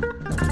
Bye.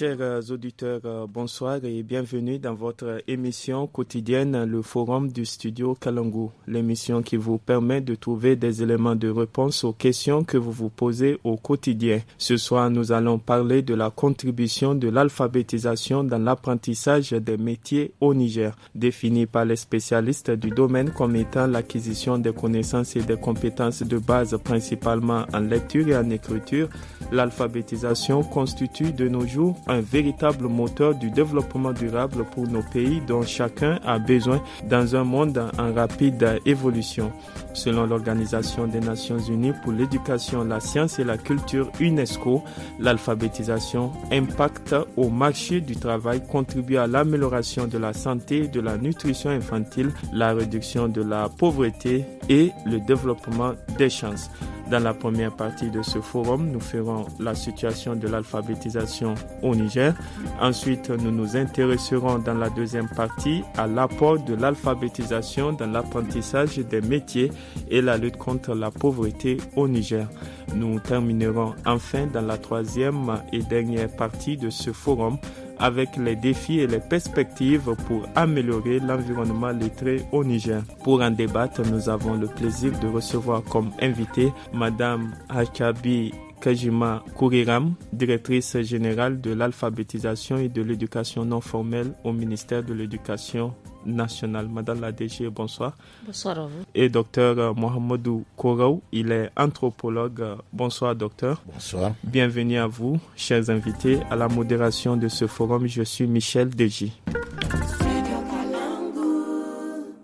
Chers euh, auditeurs, euh, bonsoir et bienvenue dans votre émission quotidienne, le forum du studio Kalangou, l'émission qui vous permet de trouver des éléments de réponse aux questions que vous vous posez au quotidien. Ce soir, nous allons parler de la contribution de l'alphabétisation dans l'apprentissage des métiers au Niger, définie par les spécialistes du domaine comme étant l'acquisition des connaissances et des compétences de base principalement en lecture et en écriture. L'alphabétisation constitue de nos jours un véritable moteur du développement durable pour nos pays dont chacun a besoin dans un monde en rapide évolution. Selon l'Organisation des Nations Unies pour l'éducation, la science et la culture UNESCO, l'alphabétisation impacte au marché du travail, contribue à l'amélioration de la santé, de la nutrition infantile, la réduction de la pauvreté et le développement des chances. Dans la première partie de ce forum, nous ferons la situation de l'alphabétisation au Niger. Ensuite, nous nous intéresserons dans la deuxième partie à l'apport de l'alphabétisation dans l'apprentissage des métiers et la lutte contre la pauvreté au Niger. Nous terminerons enfin dans la troisième et dernière partie de ce forum avec les défis et les perspectives pour améliorer l'environnement lettré au Niger. Pour en débattre, nous avons le plaisir de recevoir comme invité Madame Hachabi. Kajima Kuriram, directrice générale de l'alphabétisation et de l'éducation non formelle au ministère de l'Éducation nationale. Madame la DG, bonsoir. Bonsoir à vous. Et docteur euh, Mohamedou Kouraou, il est anthropologue. Bonsoir docteur. Bonsoir. Bienvenue à vous, chers invités, à la modération de ce forum. Je suis Michel Deji.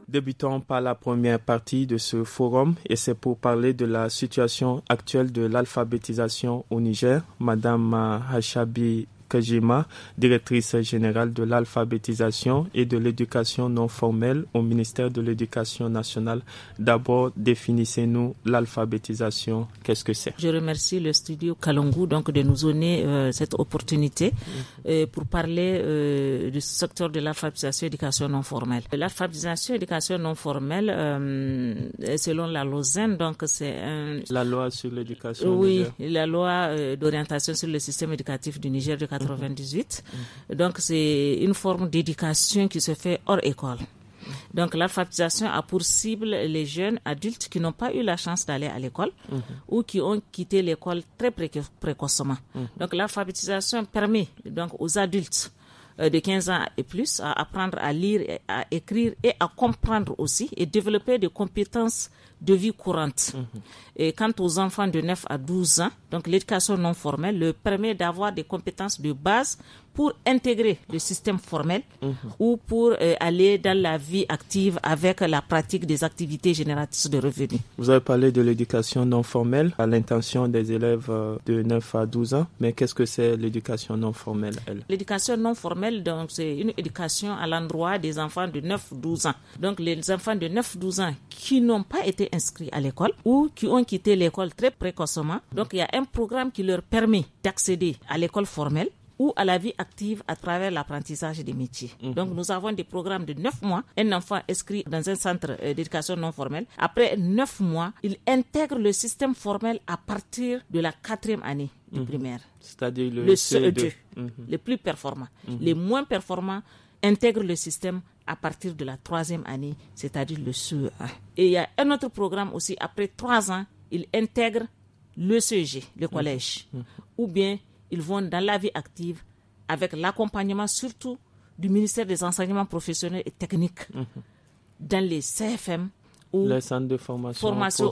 Débutons par la première partie de ce forum et c'est pour parler de la situation actuelle de l'alphabétisation au Niger. Madame Hachabi Kajima, directrice générale de l'alphabétisation et de l'éducation non formelle au ministère de l'Éducation nationale. D'abord, définissez-nous l'alphabétisation. Qu'est-ce que c'est Je remercie le studio Kalongu donc de nous donner euh, cette opportunité euh, pour parler euh, du secteur de l'alphabétisation et éducation non formelle. L'alphabétisation et éducation non formelle, selon la Lausanne, donc c'est un... la loi sur l'éducation. Oui, la loi d'orientation sur le système éducatif du Niger. 98. Mm-hmm. Mm-hmm. Donc c'est une forme d'éducation qui se fait hors école. Mm-hmm. Donc l'alphabétisation a pour cible les jeunes adultes qui n'ont pas eu la chance d'aller à l'école ou qui ont quitté l'école très précocement. Donc l'alphabétisation permet donc aux adultes euh, de 15 ans et plus à apprendre à lire, à écrire et à comprendre aussi et développer des compétences de vie courante. Mhm. Et quant aux enfants de 9 à 12 ans, donc l'éducation non formelle le permet d'avoir des compétences de base pour intégrer le système formel ou pour euh, aller dans la vie active avec la pratique des activités génératrices de revenus. Vous avez parlé de l'éducation non formelle à l'intention des élèves euh, de 9 à 12 ans, mais qu'est-ce que c'est l'éducation non formelle, elle L'éducation non formelle, donc, c'est une éducation à l'endroit des enfants de 9-12 ans. Donc, les enfants de 9-12 ans qui n'ont pas été inscrits à l'école ou qui ont quitté l'école très précocement. Donc, il y a un programme qui leur permet d'accéder à l'école formelle ou à la vie active à travers l'apprentissage des métiers. Mhm. Donc nous avons des programmes de 9 mois. Un enfant inscrit dans un centre euh, d'éducation non formelle, après neuf mois, il intègre le système formel à partir de la quatrième année du mhm. primaire. C'est-à-dire le, CE2. E mhm. Les plus performants. Les moins performants intègrent le système à partir de la troisième année, c'est-à-dire le CE1. Et il y a un autre programme aussi, après trois ans, il intègre le CEG, le collège, ou bien ils vont dans la vie active avec l'accompagnement surtout du ministère des enseignements professionnels et techniques mm-hmm. dans les CFM ou les centres de formation, formation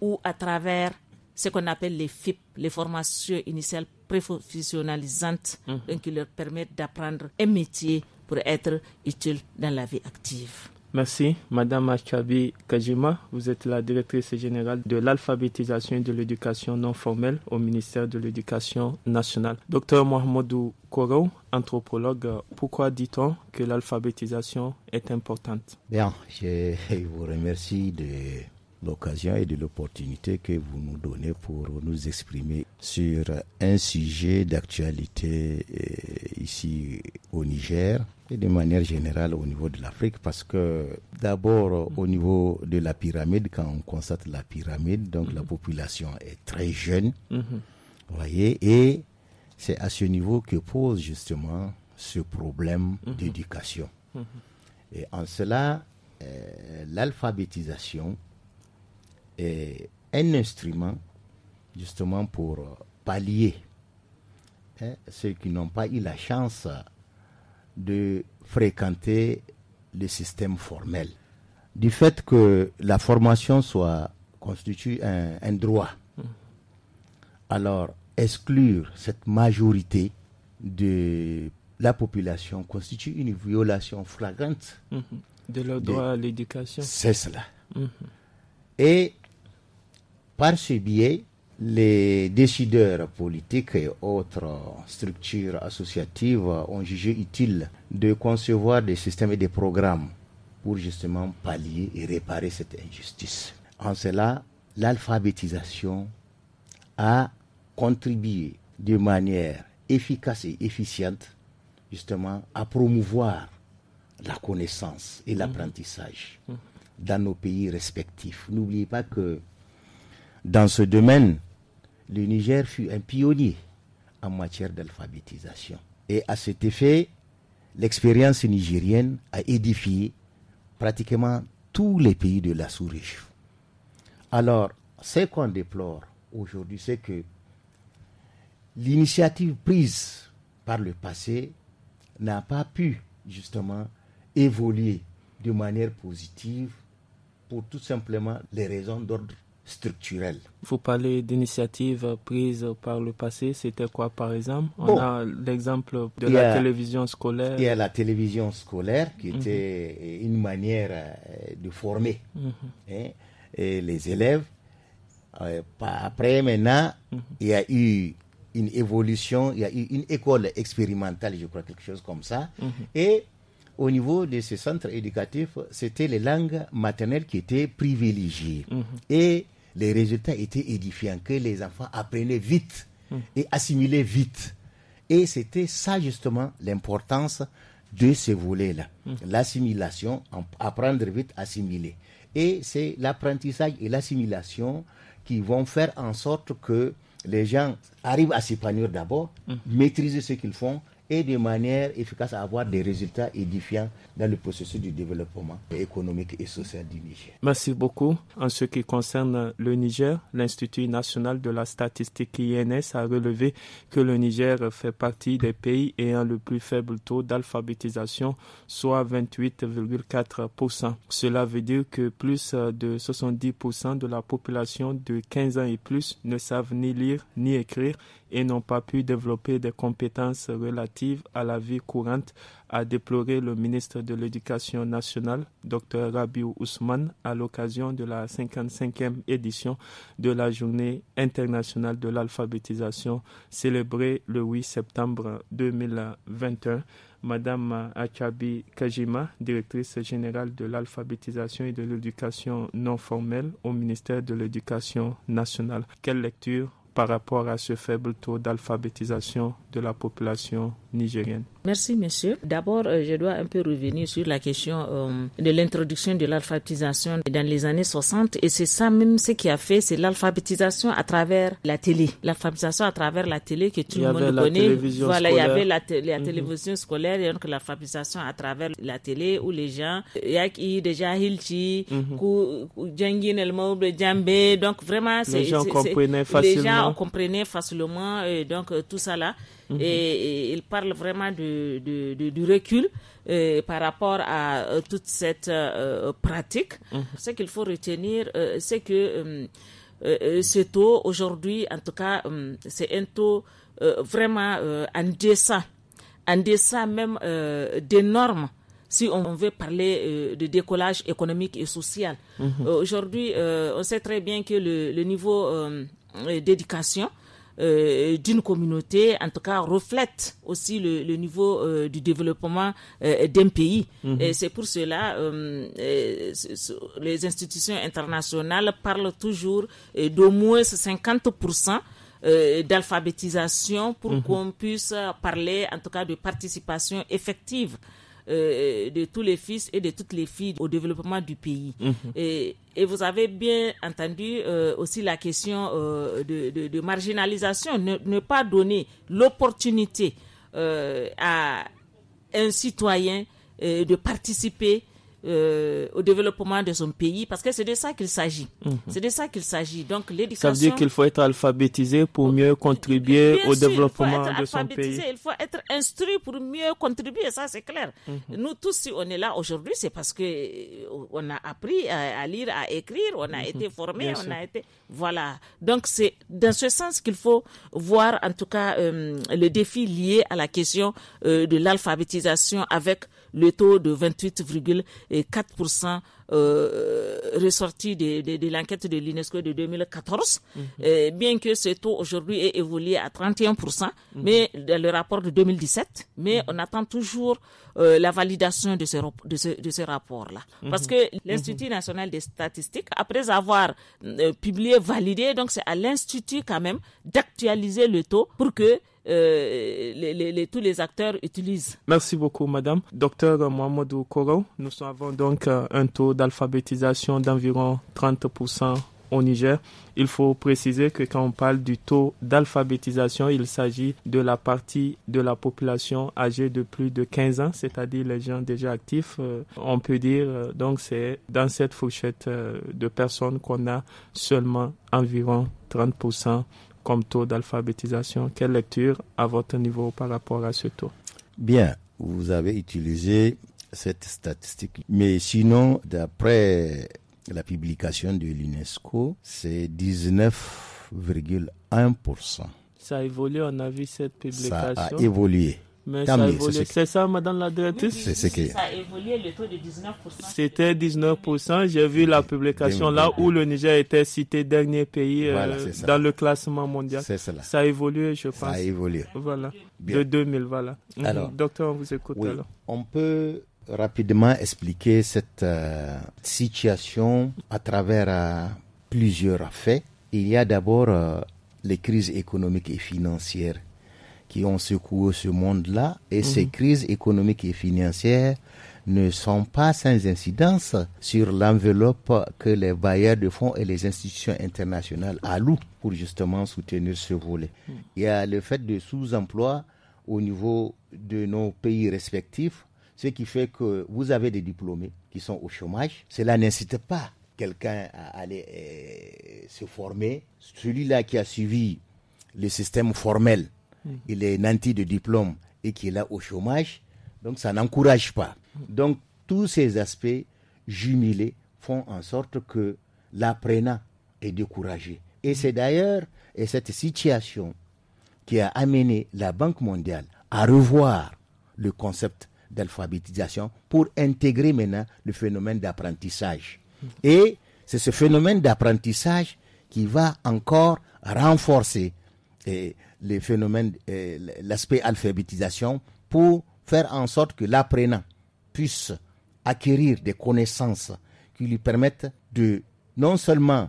ou à travers ce qu'on appelle les FIP, les formations initiales pré-professionnalisantes mm-hmm. qui leur permettent d'apprendre un métier pour être utile dans la vie active. Merci, Madame Achabi Kajima. Vous êtes la directrice générale de l'alphabétisation et de l'éducation non formelle au ministère de l'Éducation nationale. Docteur Mohamedou Koro, anthropologue, pourquoi dit-on que l'alphabétisation est importante Bien, je vous remercie de l'occasion et de l'opportunité que vous nous donnez pour nous exprimer sur un sujet d'actualité euh, ici au Niger et de manière générale au niveau de l'Afrique parce que d'abord au niveau de la pyramide, quand on constate la pyramide, donc la population est très jeune, vous voyez, et c'est à ce niveau que pose justement ce problème d'éducation. Et en cela, euh, l'alphabétisation est un instrument justement pour pallier hein, ceux qui n'ont pas eu la chance de fréquenter le système formel. Du fait que la formation soit, constitue un, droit, alors exclure cette majorité de la population constitue une violation flagrante de leur droit à l'éducation. C'est cela. Mhm. Et par ce biais, les décideurs politiques et autres structures associatives ont jugé utile de concevoir des systèmes et des programmes pour justement pallier et réparer cette injustice. En cela, l'alphabétisation a contribué de manière efficace et efficiente justement à promouvoir la connaissance et l'apprentissage mmh. dans nos pays respectifs. N'oubliez pas que dans ce domaine, le Niger fut un pionnier en matière d'alphabétisation. Et à cet effet, l'expérience nigérienne a édifié pratiquement tous les pays de la sous-région. Alors, ce qu'on déplore aujourd'hui, c'est que l'initiative prise par le passé n'a pas pu justement évoluer de manière positive pour tout simplement les raisons d'ordre structurelle. Vous parlez d'initiatives prises par le passé. C'était quoi, par exemple On a l'exemple de la télévision scolaire. Il y a la télévision scolaire qui mhm. était euh, une manière euh, de former mhm. hein, et les élèves. Euh, après, maintenant, mhm. il y a eu une évolution, il y a eu une école expérimentale, je crois, quelque chose comme ça. Et au niveau de ces centres éducatifs, c'était les langues maternelles qui étaient privilégiées. Et les résultats étaient édifiants, que les enfants apprenaient vite et assimilaient vite. Et c'était ça justement l'importance de ce volet-là. L'assimilation, apprendre vite, assimiler. Et c'est l'apprentissage et l'assimilation qui vont faire en sorte que les gens arrivent à s'épanouir d'abord, mm. maîtriser ce qu'ils font, et de manière efficace à avoir des résultats édifiants dans le processus du développement économique et social du Niger. Merci beaucoup. En ce qui concerne le Niger, l'Institut national de la statistique INS a relevé que le Niger fait partie des pays ayant le plus faible taux d'alphabétisation, soit 28,4%. Cela veut dire que plus de 70% de la population de 15 ans et plus ne savent ni lire ni écrire et n'ont pas pu développer des compétences relatives à la vie courante, a déploré le ministre de l'Éducation nationale, Dr Rabiou Ousmane, à l'occasion de la 55e édition de la Journée internationale de l'alphabétisation célébrée le 8 septembre 2021. Madame Achabi Kajima, directrice générale de l'alphabétisation et de l'éducation non formelle au ministère de l'Éducation nationale. Quelle lecture par rapport à ce faible taux d'alphabétisation de la population nigérienne. Merci, monsieur. D'abord, euh, je dois un peu revenir sur la question euh, de l'introduction de l'alphabétisation dans les années 60. Et c'est ça même ce qui a fait, c'est l'alphabétisation à travers la télé. L'alphabétisation à travers la télé que tout le monde connaît. Voilà, scolaire. il y avait la, télévision mhm. scolaire et donc l'alphabétisation à travers la télé où les gens, Yaki, déjà Hilchi, mhm. Djangin, El Djambé. Donc vraiment, les gens comprenaient facilement. Les gens comprenaient facilement. Et donc euh, tout ça là. Mhm. Et, il parle vraiment du, recul euh, par rapport à euh, toute cette euh, pratique. Mhm. Ce qu'il faut retenir, c'est que ce taux aujourd'hui, en tout cas, c'est un taux vraiment en dessin, en dessin même des normes si on veut parler de décollage économique et social. Mhm. Aujourd'hui, on sait très bien que le niveau d'éducation euh, d'une communauté, en tout cas, reflète aussi le, niveau euh, du développement euh, d'un pays. Mhm. Et c'est pour cela les institutions internationales parlent toujours d'au moins 50% d'alphabétisation pour mhm. qu'on puisse parler en tout cas de participation effective euh, de tous les fils et de toutes les filles au développement du pays. Mhm. Et, vous avez bien entendu euh, aussi la question euh, de, marginalisation, ne, ne pas donner l'opportunité à un citoyen de participer euh, au développement de son pays, parce que c'est de ça qu'il s'agit. Mhm. C'est de ça qu'il s'agit. Donc l'éducation. Ça veut dire qu'il faut être alphabétisé pour mieux euh, contribuer Bien au sûr, développement il faut être de son pays. Il faut être instruit pour mieux contribuer, ça c'est clair. Mhm. Nous tous, si on est là aujourd'hui, c'est parce que euh, on a appris à, lire, à écrire, on a mhm. été formé, on a été, voilà. Donc c'est dans ce sens qu'il faut voir en tout cas le défi lié à la question de l'alphabétisation avec le taux de 28,4% euh, ressorti de, l'enquête de l'UNESCO de 2014, mhm. euh, bien que ce taux aujourd'hui ait évolué à 31%, mhm. mais dans le rapport de 2017, mais mhm. on attend toujours euh, la validation de ce, de ce, de ce rapport-là. Parce que l'Institut national des statistiques, après avoir publié, validé, donc c'est à l'Institut quand même d'actualiser le taux pour que les, les, tous les acteurs utilisent. Merci beaucoup, Madame. Docteur Mohamedou Koro, nous avons donc euh, un taux d'alphabétisation d'environ 30% au Niger. Il faut préciser que quand on parle du taux d'alphabétisation, il s'agit de la partie de la population âgée de plus de 15 ans, c'est-à-dire les gens déjà actifs. Euh, on peut dire, euh, donc c'est dans cette fourchette de personnes qu'on a seulement environ 30% comme taux d'alphabétisation Quelle lecture à votre niveau par rapport à ce taux Bien, vous avez utilisé cette statistique. Mais sinon, d'après la publication de l'UNESCO, c'est 19,1%. Ça a évolué, on a vu cette publication. Ça a évolué. Mais ça ça évolue. C'est ça, madame la directrice oui, ce Ça a évolué, le taux de 19%. C'était 19%. J'ai vu la publication là où le Niger était cité dernier pays euh, dans le classement mondial. C'est cela. Ça a évolué, je pense. Ça a évolué. Voilà. De 2000, voilà. Mhm. Alors, Docteur, on vous écoute On peut rapidement expliquer cette euh, situation à travers euh, plusieurs faits. Il y a d'abord les crises économiques et financières qui ont secoué ce monde-là. Et ces mhm. crises économiques et financières ne sont pas sans incidence sur l'enveloppe que les bailleurs de fonds et les institutions internationales allouent pour justement soutenir ce volet. Mhm. Il y a le fait de sous-emploi au niveau de nos pays respectifs, ce qui fait que vous avez des diplômés qui sont au chômage. Cela n'incite pas quelqu'un à aller euh, se former. Celui-là qui a suivi le système formel Mm. il est nanti de diplôme et qui est là au chômage. Donc ça n'encourage pas. Mm. Donc tous ces aspects jumelés font en sorte que l'apprenant est découragé. Et mm. c'est d'ailleurs cette situation qui a amené la Banque mondiale à revoir le concept d'alphabétisation pour intégrer maintenant le phénomène d'apprentissage. Et c'est ce phénomène d'apprentissage qui va encore renforcer et les phénomènes, l'aspect alphabétisation pour faire en sorte que l'apprenant puisse acquérir des connaissances qui lui permettent de non seulement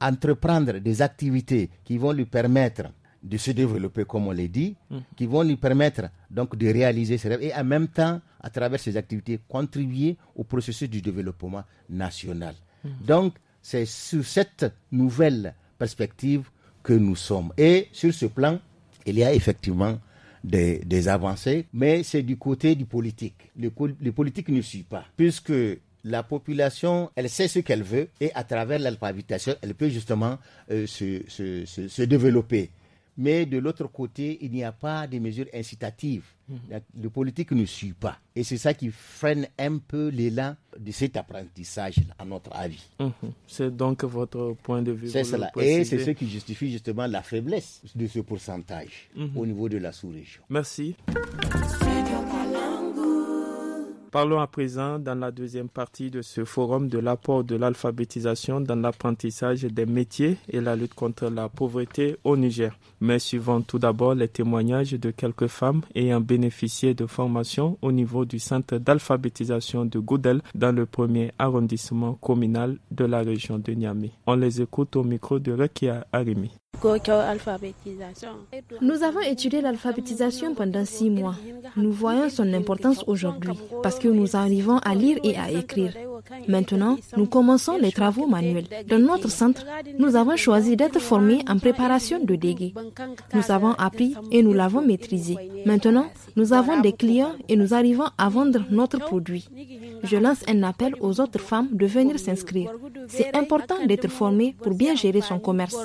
entreprendre des activités qui vont lui permettre de se développer, comme on l'a dit, mhm. qui vont lui permettre donc de réaliser ses rêves et en même temps, à travers ces activités, contribuer au processus du développement national. Mhm. Donc, c'est sur cette nouvelle perspective que nous sommes. Et sur ce plan, il y a effectivement des, des avancées, mais c'est du côté du politique. Le, le politique ne suit pas, puisque la population, elle sait ce qu'elle veut et à travers habitation, elle peut justement euh, se, se, se, développer mais de l'autre côté, il n'y a pas de mesures incitatives. Mhm. le politique ne suit pas. Et c'est ça qui freine un peu l'élan de cet apprentissage, à notre avis. Mhm. C'est donc votre point de vue. C'est cela. Et c'est ce qui justifie justement la faiblesse de ce pourcentage mhm. au niveau de la sous-région. Merci. Parlons à présent dans la deuxième partie de ce forum de l'apport de l'alphabétisation dans l'apprentissage des métiers et la lutte contre la pauvreté au Niger. Mais suivons tout d'abord les témoignages de quelques femmes ayant bénéficié de formations au niveau du centre d'alphabétisation de Goudel dans le premier arrondissement communal de la région de Niamey. On les écoute au micro de Rekia Arimi. Nous avons étudié l'alphabétisation pendant six mois. Nous voyons son importance aujourd'hui parce que nous arrivons à lire et à écrire. Maintenant, nous commençons les travaux manuels. Dans notre centre, nous avons choisi d'être formés en préparation de dégâts. Nous avons appris et nous l'avons maîtrisé. Maintenant, nous avons des clients et nous arrivons à vendre notre produit. Je lance un appel aux autres femmes de venir s'inscrire. C'est important d'être formé pour bien gérer son commerce.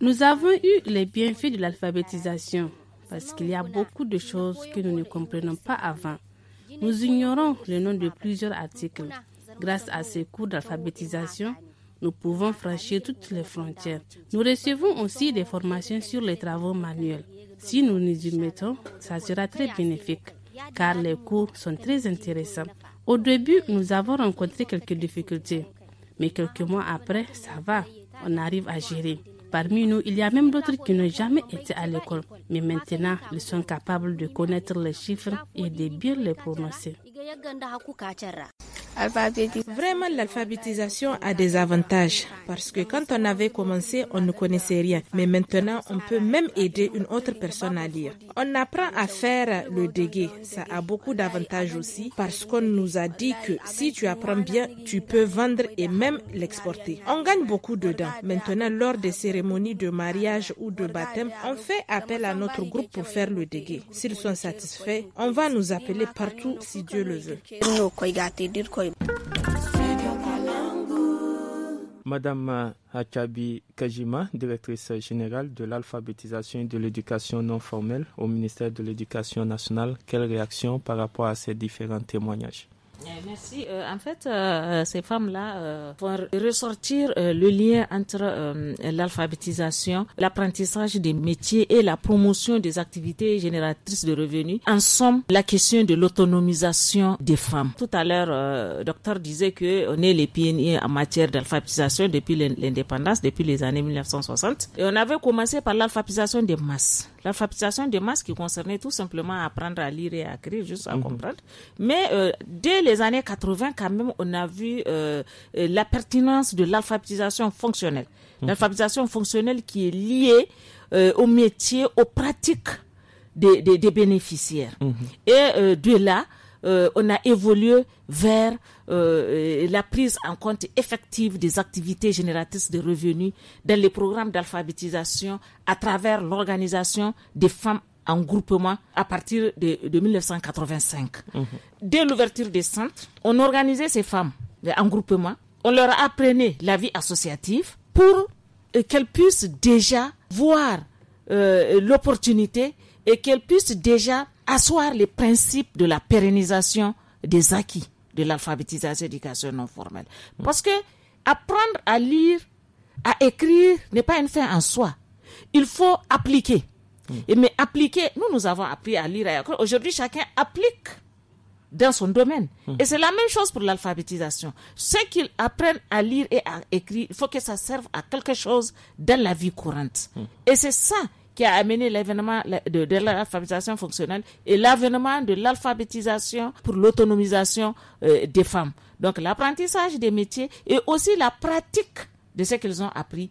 Nous avons eu les bienfaits de l'alphabétisation parce qu'il y a beaucoup de choses que nous ne comprenons pas avant. Nous ignorons le nom de plusieurs articles. Grâce à ces cours d'alphabétisation, nous pouvons franchir toutes les frontières. Nous recevons aussi des formations sur les travaux manuels. Si nous nous y mettons, ça sera très bénéfique, car les cours sont très intéressants. Au début, nous avons rencontré quelques difficultés, mais quelques mois après, ça va, on arrive à gérer. Parmi nous, il y a même d'autres qui n'ont jamais été à l'école, mais maintenant, ils sont capables de connaître les chiffres et de bien les prononcer. Vraiment, l'alphabétisation a des avantages parce que quand on avait commencé, on ne connaissait rien. Mais maintenant, on peut même aider une autre personne à lire. On apprend à faire le dégué. Ça a beaucoup d'avantages aussi parce qu'on nous a dit que si tu apprends bien, tu peux vendre et même l'exporter. On gagne beaucoup dedans. Maintenant, lors des cérémonies de mariage ou de baptême, on fait appel à notre groupe pour faire le dégué. S'ils sont satisfaits, on va nous appeler partout si Dieu le veut. Madame euh, Hachabi Kajima, directrice générale de l'alphabétisation et de l'éducation non formelle au ministère de l'Éducation nationale, quelle réaction par rapport à ces différents témoignages eh, merci. Euh, en fait, euh, euh, ces femmes-là euh, vont ressortir le lien entre l'alphabétisation, l'apprentissage des métiers et la promotion des activités génératrices de revenus. En somme, la question de l'autonomisation des femmes. Tout à l'heure, le docteur disait que on est les pionniers en matière d'alphabétisation depuis l'indépendance, depuis les années 1960. Et on avait commencé par l'alphabétisation des masses. L'alphabétisation des masses qui concernait tout simplement apprendre à lire et à écrire, juste à mhm. comprendre. Mais dès les les années 80, quand même, on a vu euh, euh, la pertinence de l'alphabétisation fonctionnelle. L'alphabétisation fonctionnelle qui est liée euh, au métier, aux pratiques des, bénéficiaires. Mhm. Et de là, on a évolué vers la prise en compte effective des activités génératrices de revenus dans les programmes d'alphabétisation à travers l'organisation des femmes en groupement à partir de, 1985. Dès l'ouverture des centres, on organisait ces femmes en groupement. On leur apprenait la vie associative pour euh, qu'elles puissent déjà voir euh, l'opportunité et qu'elles puissent déjà asseoir les principes de la pérennisation des acquis de l'alphabétisation et éducation non formelle. Parce que apprendre à lire, à écrire n'est pas une fin en soi. Il faut appliquer. Mm. Et mais appliquer, nous, nous avons appris à lire et à écrire. Aujourd'hui, chacun applique dans son domaine. Mm. Et c'est la même chose pour l'alphabétisation. Ce qu'ils apprennent à lire et à écrire, il faut que ça serve à quelque chose dans la vie courante. Mm. Et c'est ça qui a amené l'événement de, de l'alphabétisation fonctionnelle et l'avènement de l'alphabétisation pour l'autonomisation euh, des femmes. Donc l'apprentissage des métiers et aussi la pratique de ce qu'ils ont appris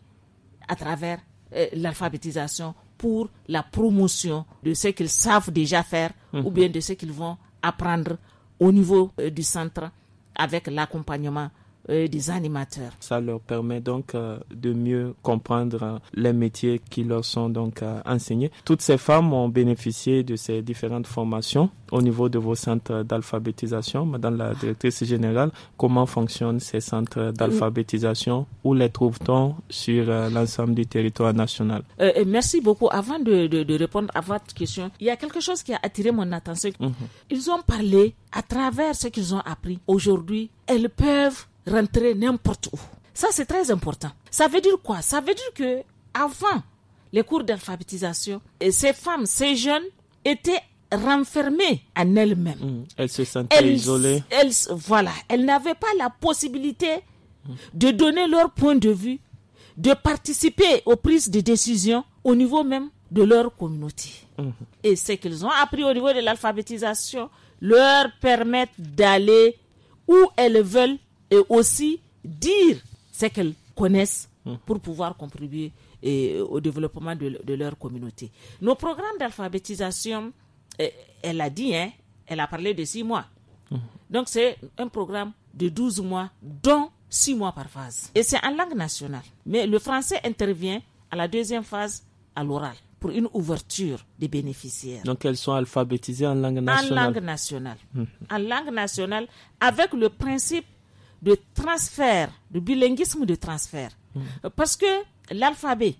à travers euh, l'alphabétisation l'alphabétisation pour la promotion de ce qu'ils savent déjà faire mhm. ou bien de ce qu'ils vont apprendre au niveau euh, du centre avec l'accompagnement euh, des animateurs. Ça leur permet donc euh, de mieux comprendre euh, les métiers qui leur sont donc enseignés. Toutes ces femmes ont bénéficié de ces différentes formations au niveau de vos centres d'alphabétisation. Madame la directrice générale, comment fonctionnent ces centres d'alphabétisation Où les trouve-t-on sur l'ensemble du territoire national Merci beaucoup. Avant de, répondre à votre question, il y a quelque chose qui a attiré mon attention. Mhm. Ils ont parlé à travers ce qu'ils ont appris. Aujourd'hui, elles peuvent rentrer n'importe où. Ça, c'est très important. Ça veut dire quoi Ça veut dire que avant les cours d'alphabétisation, ces femmes, ces jeunes étaient renfermées en elles-mêmes. Mm. Elles se sentaient isolées. Elles, voilà, elles n'avaient pas la possibilité de donner leur point de vue, de participer aux prises de décision au niveau même de leur communauté. Mm-hmm. Et ce qu'elles ont appris au niveau de l'alphabétisation leur permet d'aller où elles veulent et aussi dire ce qu'elles connaissent pour pouvoir contribuer eh, au développement de, leur communauté. Nos programmes d'alphabétisation, eh, elle a dit, hein, elle a parlé de six mois. Donc c'est un programme de 12 mois, dont six mois par phase. Et c'est en langue nationale. Mais le français intervient à la deuxième phase, à l'oral, pour une ouverture des bénéficiaires. Donc elles sont alphabétisées en langue nationale. En langue nationale. Hum. En langue nationale, avec le principe de transfert, de bilinguisme de transfert. Mm. Parce que l'alphabet,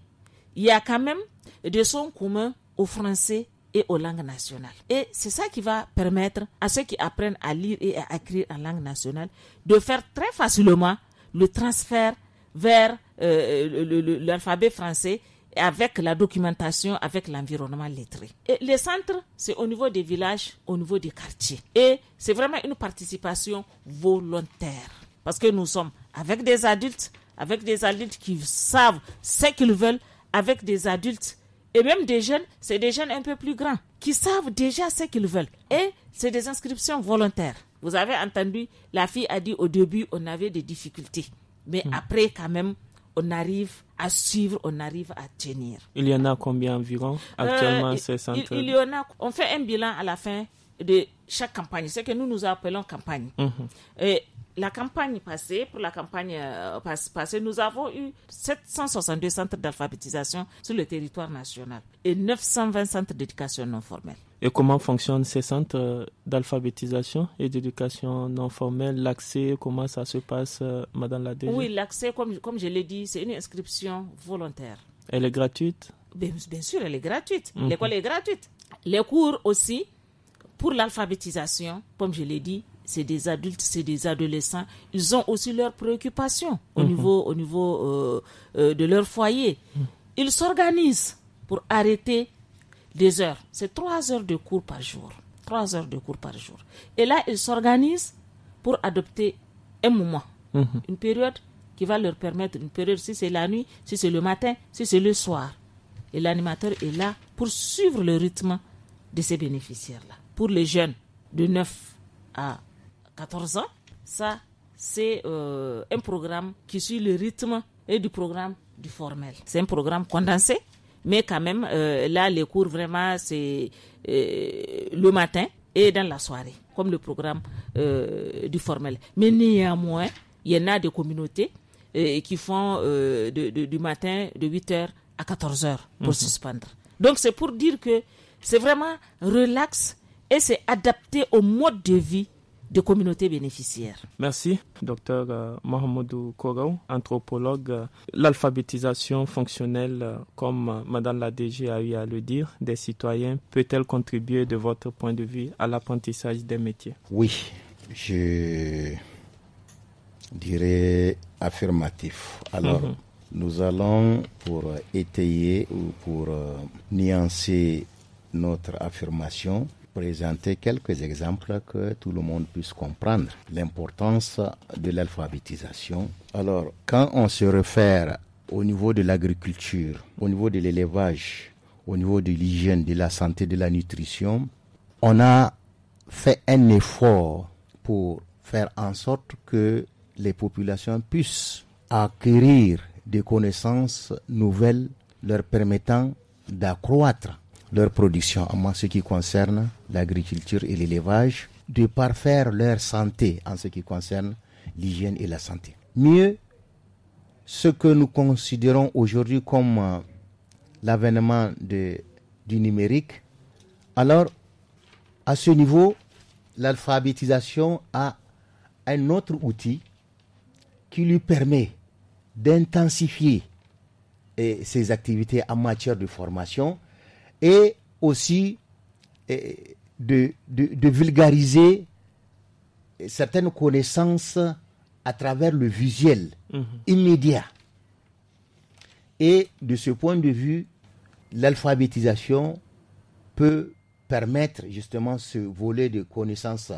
il y a quand même des sons communs au français et aux langues nationales. Et c'est ça qui va permettre à ceux qui apprennent à lire et à écrire en langue nationale de faire très facilement le transfert vers euh, l'alphabet français avec la documentation, avec l'environnement lettré. Et les centres, c'est au niveau des villages, au niveau des quartiers. Et c'est vraiment une participation volontaire. Parce que nous sommes avec des adultes, avec des adultes qui savent ce qu'ils veulent, avec des adultes et même des jeunes, c'est des jeunes un peu plus grands qui savent déjà ce qu'ils veulent. Et c'est des inscriptions volontaires. Vous avez entendu, la fille a dit au début, on avait des difficultés. Mais hmm. après, quand même, on arrive à suivre, on arrive à tenir. Il y en a combien environ actuellement euh, c'est il, y en a. On fait un bilan à la fin de chaque campagne, ce que nous nous appelons campagne. Mhm. Et la campagne passée, pour la campagne euh, passée, nous avons eu 762 centres d'alphabétisation sur le territoire national et 920 centres d'éducation non formelle. Et comment fonctionnent ces centres d'alphabétisation et d'éducation non formelle L'accès, comment ça se passe, euh, Madame la Oui, l'accès, comme, comme je l'ai dit, c'est une inscription volontaire. Elle est gratuite bien, sûr, elle est gratuite. Mhm. L'école est gratuite. Les cours aussi, pour l'alphabétisation, comme je l'ai dit, c'est des adultes, c'est des adolescents. Ils ont aussi leurs préoccupations au mhm. niveau, au niveau euh, euh, de leur foyer. Mhm. Ils s'organisent pour arrêter des heures. C'est trois heures de cours par jour. Trois heures de cours par jour. Et là, ils s'organisent pour adopter un moment, mhm. une période qui va leur permettre, une période, si c'est la nuit, si c'est le matin, si c'est le soir. Et l'animateur est là pour suivre le rythme de ces bénéficiaires-là. Pour les jeunes de 9 à 14 ans. Ça, c'est euh, un programme qui suit le rythme et du programme du formel. C'est un programme condensé, mais quand même, euh, là, les cours vraiment, c'est euh, le matin et dans la soirée, comme le programme du formel. Mais néanmoins, il y en a des communautés qui font du matin de 8h à 14h pour mhm. suspendre. Donc, c'est pour dire que c'est vraiment relax et c'est adapté au mode de vie de communautés bénéficiaires. Merci, docteur euh, Mohamedou Koraou, anthropologue. Euh, l'alphabétisation fonctionnelle, euh, comme Madame la DG a eu à le dire, des citoyens peut-elle contribuer de votre point de vue à l'apprentissage des métiers Oui, je dirais affirmatif. Alors, mhm. nous allons, pour étayer ou pour nuancer notre affirmation, présenter quelques exemples que tout le monde puisse comprendre l'importance de l'alphabétisation. Alors, quand on se réfère au niveau de l'agriculture, au niveau de l'élevage, au niveau de l'hygiène, de la santé, de la nutrition, on a fait un effort pour faire en sorte que les populations puissent acquérir des connaissances nouvelles leur permettant d'accroître leur production, en ce qui concerne l'agriculture et l'élevage, de parfaire leur santé en ce qui concerne l'hygiène et la santé. Mieux, ce que nous considérons aujourd'hui comme euh, l'avènement du numérique, alors à ce niveau, l'alphabétisation a un autre outil qui lui permet d'intensifier eh, ses activités en matière de formation, et aussi eh, de, vulgariser certaines connaissances à travers le visuel mhm. immédiat. Et de ce point de vue, l'alphabétisation peut permettre justement ce volet de connaissances,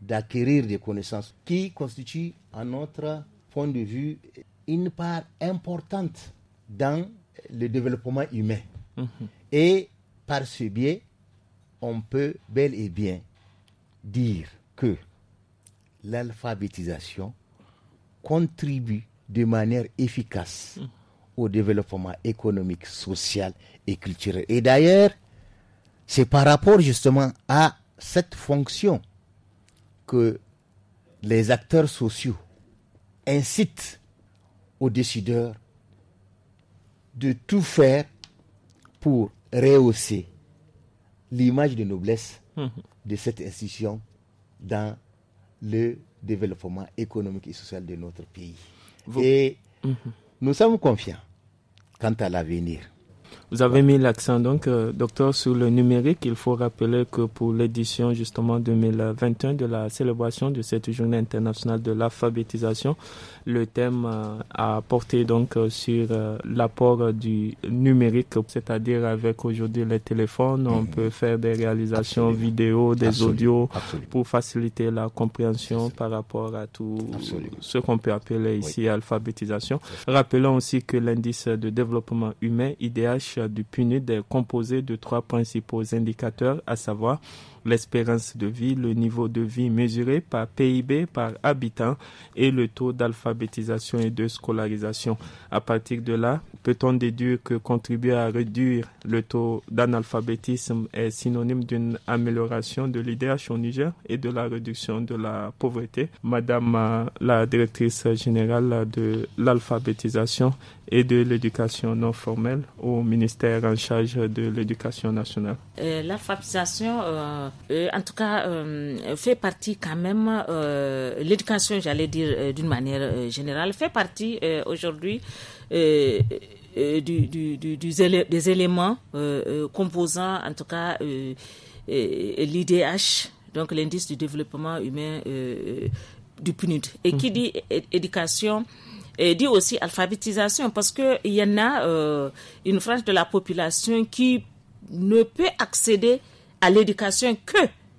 d'acquérir des connaissances qui constituent, à notre point de vue, une part importante dans le développement humain. Mhm. Et par ce biais, on peut bel et bien dire que l'alphabétisation contribue de manière efficace au développement économique, social et culturel. Et d'ailleurs, c'est par rapport justement à cette fonction que les acteurs sociaux incitent aux décideurs de tout faire pour rehausser l'image de noblesse mhm. de cette institution dans le développement économique et social de notre pays. Et mhm. nous sommes confiants quant à l'avenir. Vous avez mis l'accent donc, euh, docteur, sur le numérique. Il faut rappeler que pour l'édition justement 2021 de la célébration de cette journée internationale de l'alphabétisation, le thème euh, a porté donc euh, sur l'apport du numérique, c'est-à-dire avec aujourd'hui les téléphones, on mhm. peut faire des réalisations vidéo, des audios pour faciliter la compréhension par rapport à tout ce qu'on peut appeler ici alphabétisation. Rappelons aussi que l'indice de développement humain, IDH, du PNUD est composé de trois principaux indicateurs, à savoir l'espérance de vie, le niveau de vie mesuré par PIB par habitant et le taux d'alphabétisation et de scolarisation. À partir de là, peut-on déduire que contribuer à réduire le taux d'analphabétisme est synonyme d'une amélioration de l'IDH au Niger et de la réduction de la pauvreté Madame euh, la directrice générale de l'alphabétisation et de l'éducation non formelle au ministère en charge de l'éducation nationale. Euh, l'alphabétisation, euh, euh, euh, en tout cas, euh, fait partie quand même, l'éducation, j'allais dire d'une manière générale, fait partie aujourd'hui. Du, des éléments composants, en tout cas l'IDH, donc l'indice du développement humain du PNUD. Et qui mhm. dit éducation et dit aussi alphabétisation, parce qu'il y en a une frange de la population qui ne peut accéder à l'éducation que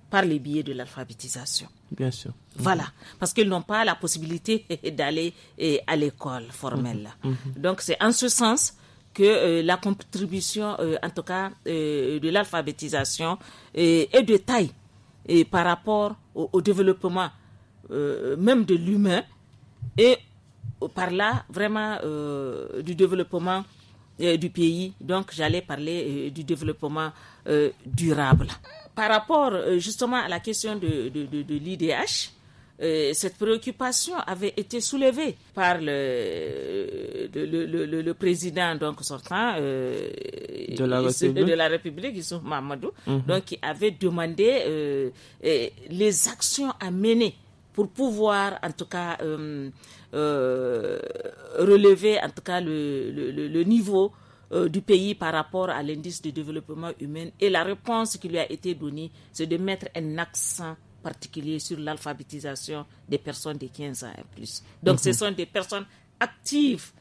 par les biais de l'alphabétisation. Bien sûr. Voilà, parce qu'ils n'ont pas la possibilité d'aller eh, à l'école formelle. Mhm. Mhm. Donc c'est en ce sens que euh, la contribution, euh, en tout cas, euh, de l'alphabétisation est de taille et par rapport au développement même de l'humain et par là vraiment du développement euh, du pays. Donc j'allais parler euh, du développement euh, durable. Par rapport justement à la question de, de, de, l'IDH, cette préoccupation avait été soulevée par le, le, le, président donc sortant de, la République. de la République, Mamadou, mhm. donc qui avait demandé les actions à mener pour pouvoir en tout cas euh, relever en tout cas le, le, niveau euh, du pays par rapport à l'indice de développement humain. Et la réponse qui lui a été donnée, c'est de mettre un accent particulier sur l'alphabétisation des personnes de 15 ans et plus. Donc ce mhm. sont des personnes actives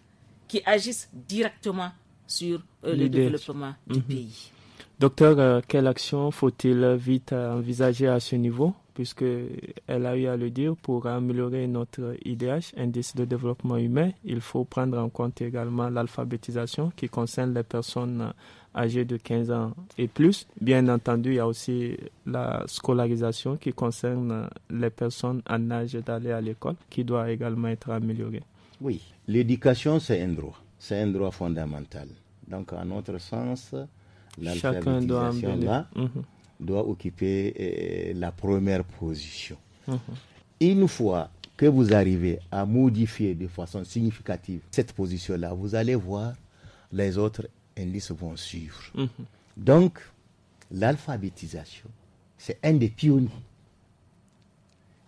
qui agissent directement sur euh, le développement du mhm. pays. Docteur, quelle action faut-il vite envisager à ce niveau puisque elle a eu à le dire, pour améliorer notre IDH, indice de développement humain, il faut prendre en compte également l'alphabétisation qui concerne les personnes âgées de 15 ans et plus. Bien entendu, il y a aussi la scolarisation qui concerne les personnes en âge d'aller à l'école, qui doit également être améliorée. Oui, l'éducation, c'est un droit. C'est un droit fondamental. Donc, à notre sens, l'alphabétisation là, mhm doit occuper euh, la première position. Mhm. Une fois que vous arrivez à modifier de façon significative cette position-là, vous allez voir les autres indices vont suivre. Mhm. Donc, l'alphabétisation, c'est un des pionniers.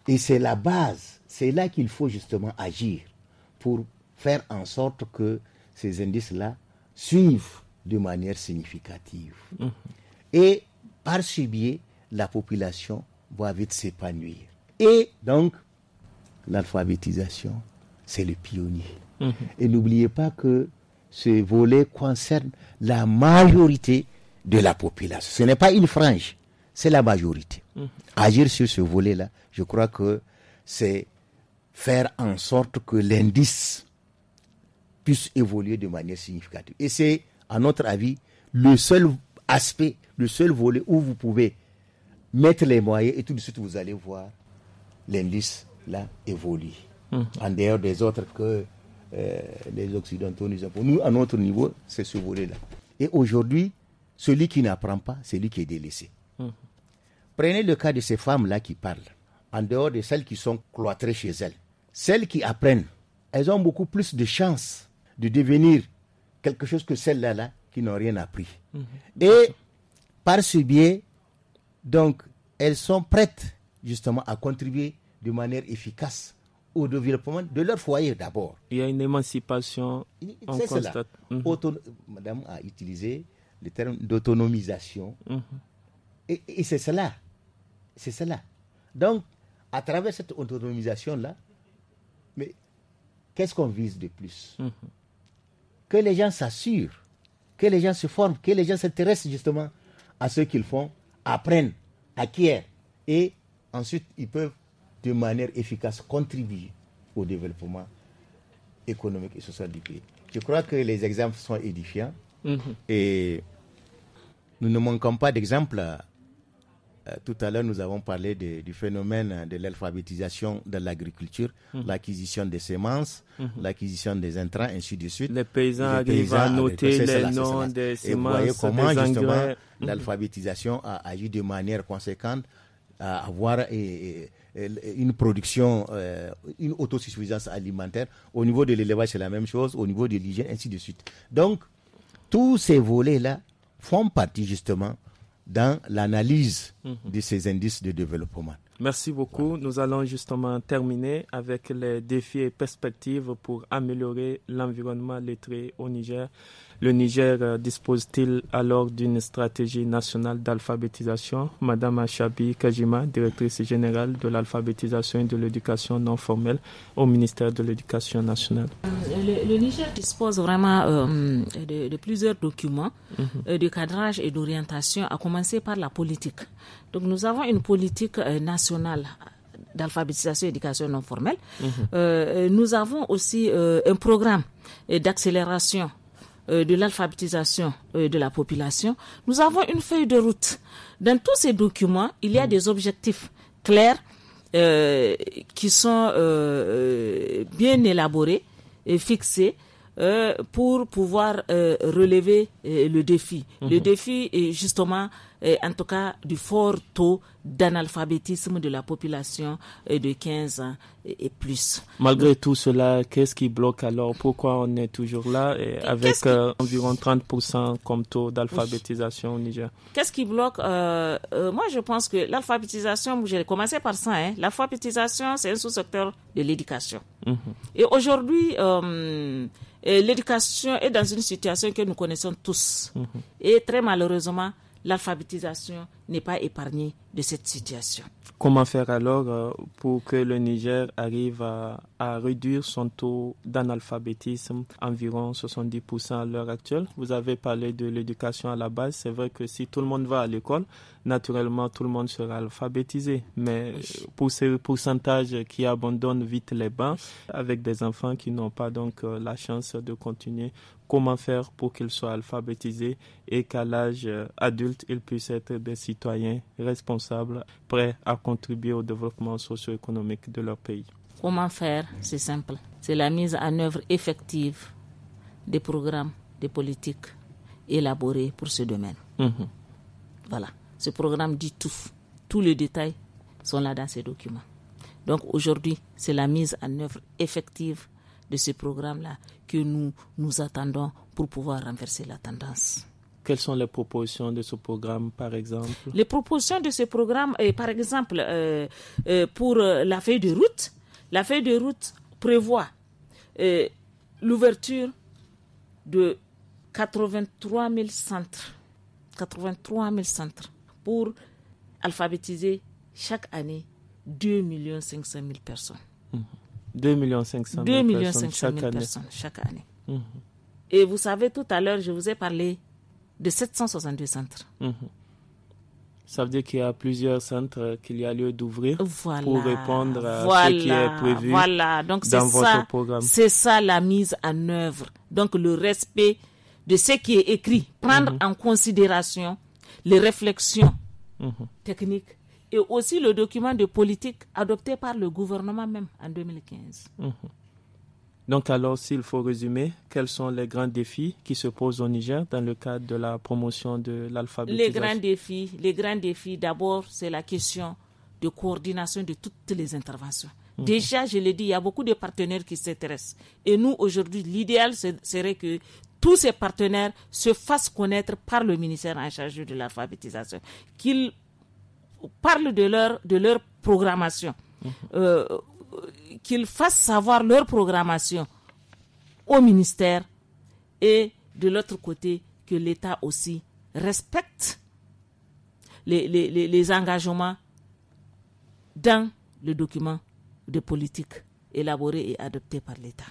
Et c'est la base, c'est là qu'il faut justement agir pour faire en sorte que ces indices-là suivent de manière significative. Mhm. Et par ce biais, la population va vite s'épanouir. Et donc, l'alphabétisation, c'est le pionnier. Mhm. Et n'oubliez pas que ce volet concerne la majorité de la population. Ce n'est pas une frange, c'est la majorité. Mhm. Agir sur ce volet-là, je crois que c'est faire en sorte que l'indice puisse évoluer de manière significative. Et c'est, à notre avis, le seul aspect, le seul volet où vous pouvez mettre les moyens et tout de suite vous allez voir l'indice là évolue. Hmm. En dehors des autres que euh, les Occidentaux nous Nous, à notre niveau, c'est ce volet-là. Et aujourd'hui, celui qui n'apprend pas, c'est lui qui est délaissé. Hmm. Prenez le cas de ces femmes-là qui parlent, en dehors de celles qui sont cloîtrées chez elles. Celles qui apprennent, elles ont beaucoup plus de chances de devenir quelque chose que celles-là là, qui n'ont rien appris. Et par ce biais, donc, elles sont prêtes justement à contribuer de manière efficace au développement de leur foyer d'abord. Il y a une émancipation. C'est cela. Mhm. Madame a utilisé le terme d'autonomisation. Mhm. Et, et c'est cela. C'est cela. Donc, à travers cette autonomisation-là, mais qu'est-ce qu'on vise de plus mhm. Que les gens s'assurent que les gens se forment, que les gens s'intéressent justement à ce qu'ils font, apprennent, acquièrent, et ensuite ils peuvent de manière efficace contribuer au développement économique et social du pays. Je crois que les exemples sont édifiants mhm. et nous ne manquons pas d'exemples euh, euh, tout à l'heure, nous avons parlé du phénomène de l'alphabétisation de l'agriculture, mhm. l'acquisition des semences, mhm. l'acquisition des intrants, ainsi de suite. Les paysans, les noter les noms des semences. Et vous voyez comment, justement, mhm. l'alphabétisation a agi de manière conséquente à avoir une production, euh, une autosuffisance alimentaire. Au niveau de l'élevage, c'est la même chose. Au niveau de l'hygiène, ainsi de suite. Donc, tous ces volets-là font partie, justement, dans l'analyse mhm. de ces indices de développement. Merci beaucoup. Nous allons justement terminer avec les défis et perspectives pour améliorer l'environnement lettré au Niger. Le Niger euh, dispose-t-il alors d'une stratégie nationale d'alphabétisation Madame Achabi Kajima, directrice générale de l'alphabétisation et de l'éducation non formelle au ministère de l'Éducation nationale. Euh, le, Niger dispose vraiment euh, de, plusieurs documents mhm. de cadrage et d'orientation, à commencer par la politique. Donc nous avons une politique nationale d'alphabétisation et d'éducation non formelle. Mhm. nous avons aussi un programme d'accélération euh, de l'alphabétisation euh, de la population, nous avons une feuille de route. Dans tous ces documents, il y a des objectifs clairs euh, qui sont bien élaborés et fixés pour pouvoir relever le défi. Le mhm. défi est justement en tout cas du fort taux d'analphabétisme de la population euh, de 15 ans et, plus. Malgré tout cela, qu'est-ce qui bloque alors Pourquoi on est toujours là avec euh, environ 30% comme taux d'alphabétisation au Niger Qu'est-ce qui bloque euh, Moi, je pense que l'alphabétisation, j'ai commencé par ça, hein. l'alphabétisation, c'est un sous-secteur de l'éducation. Mhm. Et aujourd'hui, l'éducation est dans une situation que nous connaissons tous. Mhm. Et très malheureusement, l'alphabétisation n'est pas épargnée de cette situation. Comment faire alors euh, pour que le Niger arrive à, réduire son taux d'analphabétisme, environ 70% à l'heure actuelle Vous avez parlé de l'éducation à la base. C'est vrai que si tout le monde va à l'école, naturellement tout le monde sera alphabétisé. Mais euh, pour ce pourcentage qui abandonne vite les bancs, avec des enfants qui n'ont pas donc euh, la chance de continuer comment faire pour qu'ils soient alphabétisés et qu'à l'âge euh, adulte, ils puissent être des citoyens responsables, prêts à contribuer au développement socio-économique de leur pays. Comment faire C'est simple. C'est la mise en œuvre effective des programmes, des politiques élaborées pour ce domaine. Mhm. Voilà. Ce programme dit tout. Tous les détails sont là dans ces documents. Donc aujourd'hui, c'est la mise en œuvre effective de ce programme-là que nous nous attendons pour pouvoir renverser la tendance. Quelles sont les propositions de ce programme, par exemple Les propositions de ce programme, euh, par exemple, euh, euh, pour la feuille de route, la feuille de route prévoit l'ouverture de 83 000 centres, 83 centres pour alphabétiser chaque année 2 500 000 personnes. Mhm. 2 millions 500 000 personnes, chaque, année. Mm-hmm. Et vous savez, tout à l'heure, je vous ai parlé de 762 centres. Mm-hmm. Ça veut dire qu'il y a plusieurs centres qu'il y a lieu d'ouvrir pour répondre à ce qui est prévu Donc, dans votre programme. C'est ça la mise en œuvre. Donc le respect de ce qui est écrit, prendre mm-hmm. en considération les réflexions techniques et aussi le document de politique adopté par le gouvernement même en 2015. Mhm. Donc alors, s'il faut résumer, quels sont les grands défis qui se posent au Niger dans le cadre de la promotion de l'alphabétisation Les grands défis, les grands défis d'abord, c'est la question de coordination de toutes les interventions. Mhm. Déjà, je l'ai dit, il y a beaucoup de partenaires qui s'intéressent. Et nous, aujourd'hui, l'idéal serait que tous ces partenaires se fassent connaître par le ministère en charge de l'alphabétisation, qu'ils parle de leur, de leur programmation. Euh, qu'ils fassent savoir leur programmation au ministère et de l'autre côté que l'État aussi respecte les, engagements dans le document de politique élaboré et adopté par l'État.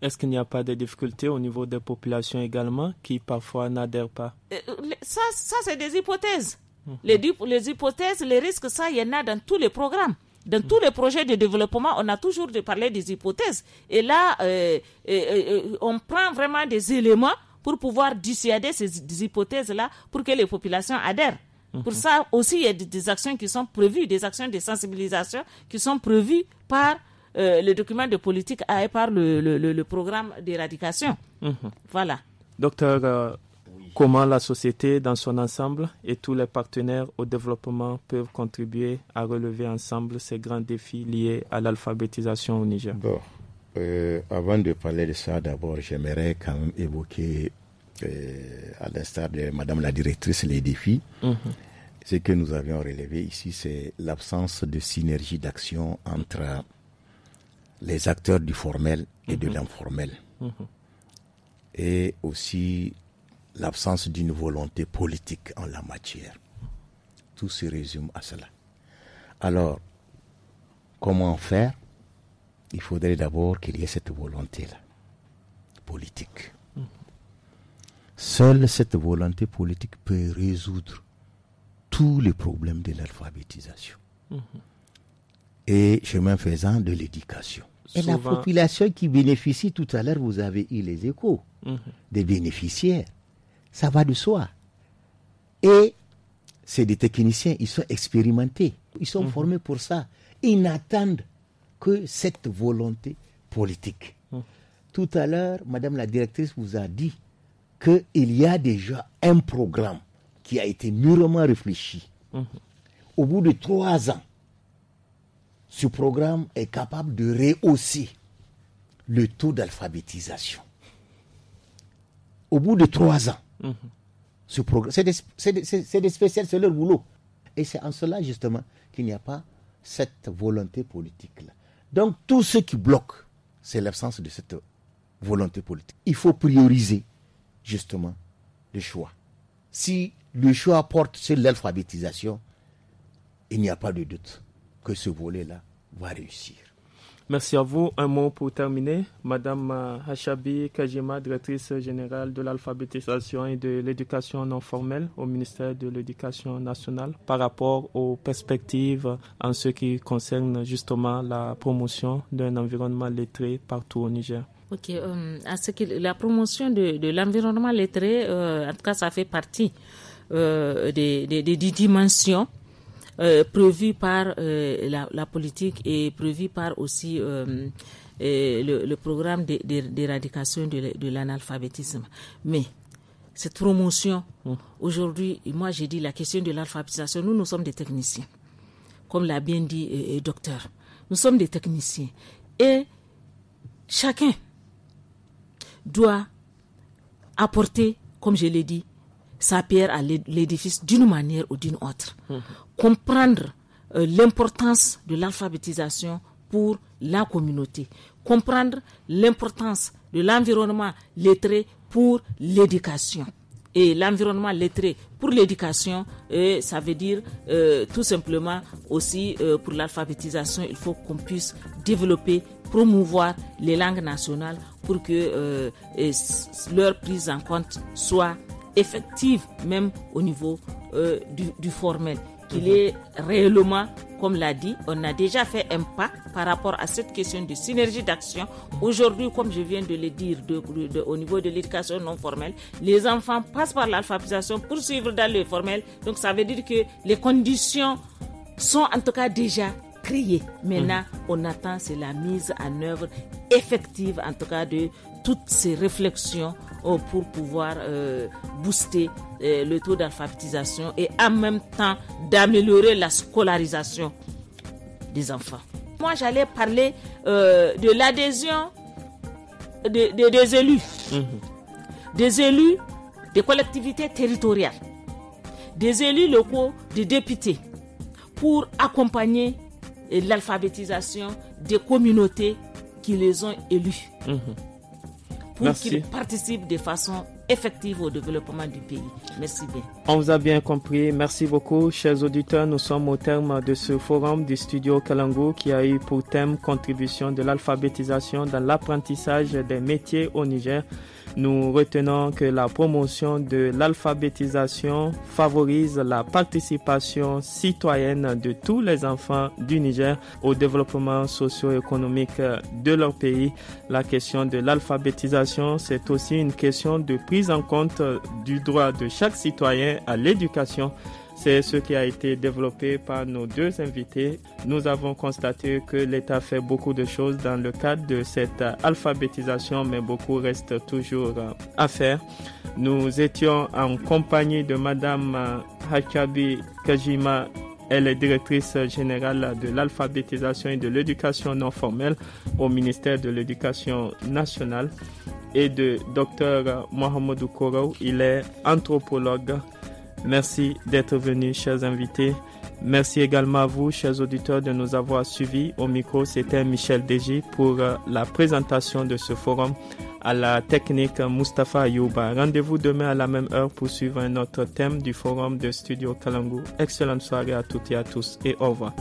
Est-ce qu'il n'y a pas de difficultés au niveau des populations également qui parfois n'adhèrent pas euh, ça c'est des hypothèses. Mhm. Les, les hypothèses, les risques, ça, il y en a dans tous les programmes. Dans mhm. tous les projets de développement, on a toujours de parler des hypothèses. Et là, euh, euh, euh, on prend vraiment des éléments pour pouvoir dissuader ces hypothèses-là pour que les populations adhèrent. Mhm. Pour ça aussi, il y a des actions qui sont prévues, des actions de sensibilisation qui sont prévues par le document de politique et par le, le, programme d'éradication. Voilà. Docteur comment la société dans son ensemble et tous les partenaires au développement peuvent contribuer à relever ensemble ces grands défis liés à l'alphabétisation au Niger. Euh, avant de parler de ça, d'abord, j'aimerais quand même évoquer, euh, à l'instar de Madame la directrice, les défis. Mhm. Ce que nous avions relevé ici, c'est l'absence de synergie d'action entre les acteurs du formel et de mhm. l'informel. Mhm. Et aussi l'absence d'une volonté politique en la matière. Tout se résume à cela. Alors, comment faire Il faudrait d'abord qu'il y ait cette volonté-là, politique. Seule cette volonté politique peut résoudre tous les problèmes de l'alphabétisation. Et chemin faisant de l'éducation. Et la population qui bénéficie, tout à l'heure vous avez eu les échos mhm. des bénéficiaires. Ça va de soi. Et c'est des techniciens, ils sont expérimentés, ils sont mhm. formés pour ça. Ils n'attendent que cette volonté politique. Mhm. Tout à l'heure, Madame la directrice vous a dit qu'il y a déjà un programme qui a été mûrement réfléchi. Mhm. Au bout de trois ans, ce programme est capable de rehausser le taux d'alphabétisation. Au bout de trois ans, Mhm. Ce c'est des, des, des spécialistes, c'est leur boulot. Et c'est en cela, justement, qu'il n'y a pas cette volonté politique-là. Donc, tout ce qui bloque, c'est l'absence de cette volonté politique. Il faut prioriser, justement, le choix. Si le choix porte sur l'alphabétisation, il n'y a pas de doute que ce volet-là va réussir. Merci à vous. Un mot pour terminer. Madame euh, Hachabi Kajima, directrice générale de l'alphabétisation et de l'éducation non formelle au ministère de l'Éducation nationale par rapport aux perspectives en ce qui concerne justement la promotion d'un environnement lettré partout au Niger. Ok, euh, la promotion de, l'environnement lettré, euh, en tout cas, ça fait partie des dimensions euh, prévu par euh, la, politique et prévu par aussi euh, le, programme d'éradication de, l'analphabétisme. Mais cette promotion, hum. aujourd'hui, moi j'ai dit la question de l'alphabétisation, nous, nous sommes des techniciens, comme l'a bien dit le docteur. Nous sommes des techniciens. Et chacun doit apporter, comme je l'ai dit, sa pierre à l'édifice d'une manière ou d'une autre. Hum comprendre euh, l'importance de l'alphabétisation pour la communauté, comprendre l'importance de l'environnement lettré pour l'éducation. Et l'environnement lettré pour l'éducation, euh, ça veut dire euh, tout simplement aussi pour l'alphabétisation, il faut qu'on puisse développer, promouvoir les langues nationales pour que leur prise en compte soit effective même au niveau du, du formel. Il est réellement, comme l'a dit, on a déjà fait un pas par rapport à cette question de synergie d'action. Aujourd'hui, comme je viens de le dire, de, au niveau de l'éducation non formelle, les enfants passent par l'alphabétisation pour suivre dans le formel. Donc ça veut dire que les conditions sont en tout cas déjà créées. Maintenant, on attend, c'est la mise en œuvre effective, en tout cas, de toutes ces réflexions euh, pour pouvoir euh, booster euh, le taux d'alphabétisation et en même temps d'améliorer la scolarisation des enfants. Moi, j'allais parler de l'adhésion des élus, mhm. des élus des collectivités territoriales, des élus locaux, des députés, pour accompagner l'alphabétisation des communautés qui les ont élus. Mhm pour qu'ils participent de façon effective au développement du pays. Merci bien. On vous a bien compris. Merci beaucoup, chers auditeurs. Nous sommes au terme de ce forum du studio Kalango qui a eu pour thème contribution de l'alphabétisation dans l'apprentissage des métiers au Niger. Nous retenons que la promotion de l'alphabétisation favorise la participation citoyenne de tous les enfants du Niger au développement socio-économique de leur pays. La question de l'alphabétisation, c'est aussi une question de prise en compte du droit de chaque citoyen à l'éducation c'est ce qui a été développé par nos deux invités. Nous avons constaté que l'État fait beaucoup de choses dans le cadre de cette alphabétisation, mais beaucoup reste toujours à faire. Nous étions en compagnie de Madame Hachabi Kajima elle est directrice générale de l'alphabétisation et de l'éducation non formelle au ministère de l'Éducation nationale et de Dr Mohamedou Korou. Il est anthropologue Merci d'être venus, chers invités. Merci également à vous, chers auditeurs, de nous avoir suivis. Au micro, c'était Michel Deji pour euh, la présentation de ce forum à la technique Mustapha Ayouba. Rendez-vous demain à la même heure pour suivre un autre thème du forum de Studio Kalangu. Excellente soirée à toutes et à tous et au revoir.